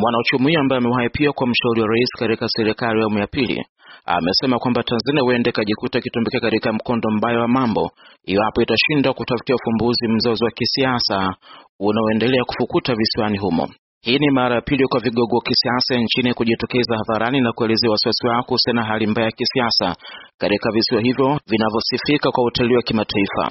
Mwanauchumi huyo ambaye amewahi pia kwa mshauri wa rais katika serikali ya awamu ya pili amesema kwamba Tanzania huenda ikajikuta ikitumbukia katika mkondo mbaya wa mambo iwapo itashindwa kutafutia ufumbuzi mzozo wa kisiasa unaoendelea kufukuta visiwani humo. Hii ni mara ya pili kwa vigogo wa kisiasa nchini kujitokeza hadharani na kuelezea wasiwasi wao kuhusiana na hali mbaya ya kisiasa katika visiwa hivyo vinavyosifika kwa utalii wa kimataifa.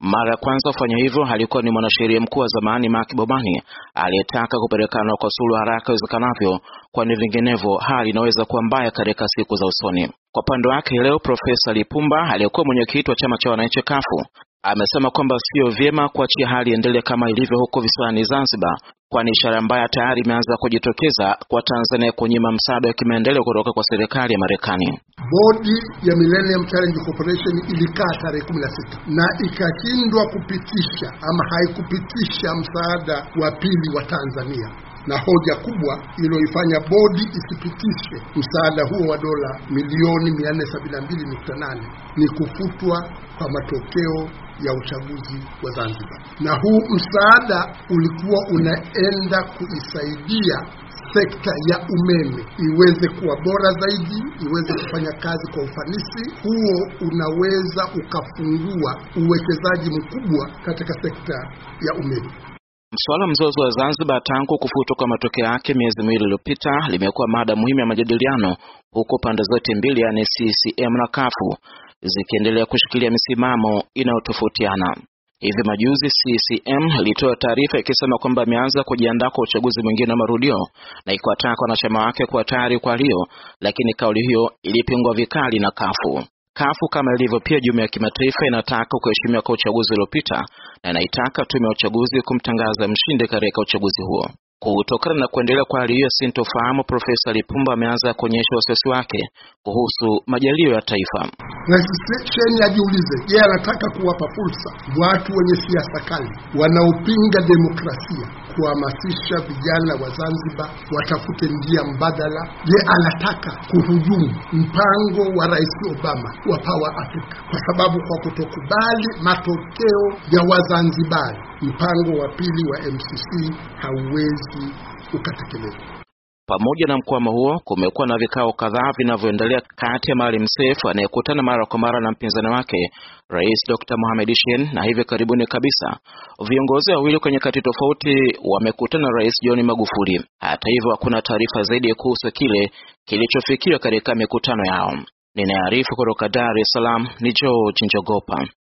Mara ya kwanza kufanya hivyo alikuwa ni mwanasheria mkuu wa zamani Mark bobani aliyetaka kupelekana kwa suluhu haraka iwezekanavyo, kwani vinginevyo hali inaweza kuwa mbaya katika siku za usoni. Kwa upande wake leo Profesa Lipumba aliyekuwa mwenyekiti wa chama cha wananchi kafu amesema kwamba sio vyema kuachia hali endelee kama ilivyo huko visiwani Zanzibar, kwani ishara mbaya tayari imeanza kujitokeza kwa Tanzania kunyima msaada wa kimaendeleo kutoka kwa serikali ya Marekani. Bodi ya Millennium Challenge Corporation ilikaa tarehe 16 na ikashindwa kupitisha ama haikupitisha msaada wa pili wa Tanzania na hoja kubwa iliyoifanya bodi isipitishe msaada huo wa dola milioni 472.8 ni kufutwa kwa matokeo ya uchaguzi wa Zanzibar, na huu msaada ulikuwa unaenda kuisaidia sekta ya umeme iweze kuwa bora zaidi, iweze kufanya kazi kwa ufanisi. Huo unaweza ukafungua uwekezaji mkubwa katika sekta ya umeme. Suala mzozo wa Zanzibar tangu kufutwa kwa matokeo yake miezi miwili iliyopita limekuwa mada muhimu ya majadiliano huko pande zote mbili, yaani CCM na kafu zikiendelea kushikilia misimamo inayotofautiana. Hivi majuzi CCM ilitoa taarifa ikisema kwamba imeanza kujiandaa kwa uchaguzi mwingine wa marudio na ikiwataka wanachama wake kuwa tayari kwa hiyo, lakini kauli hiyo ilipingwa vikali na kafu. Kafu kama ilivyo pia jumuiya ya kimataifa inataka kuheshimiwa kwa uchaguzi uliopita na inaitaka tume ya uchaguzi kumtangaza mshindi katika uchaguzi huo. Kutokana na kuendelea kwa hali hiyo sintofahamu, Profesa Lipumba ameanza kuonyesha wasiwasi wake kuhusu majalio ya taifa na sesheni ajiulize, je, anataka kuwapa fursa watu wenye siasa kali wanaopinga demokrasia kuhamasisha vijana wa Zanzibar watafute njia mbadala? Je, anataka kuhujumu mpango wa Rais Obama wa Power Africa? Kwa sababu kwa kutokubali matokeo ya Wazanzibari, mpango wa pili wa MCC hauwezi ukatekelezwa. Pamoja na mkwama huo, kumekuwa na vikao kadhaa vinavyoendelea kati ya Maalim Seif anayekutana mara kwa mara na mpinzani wake Rais Dr. Mohamed Shein, na hivi karibuni kabisa viongozi wawili kwenye kati tofauti wamekutana Rais John Magufuli. Hata hivyo, hakuna taarifa zaidi kuhusu kile kilichofikiwa katika mikutano yao. Ninaarifu kutoka Dar es Salaam ni George Njogopa.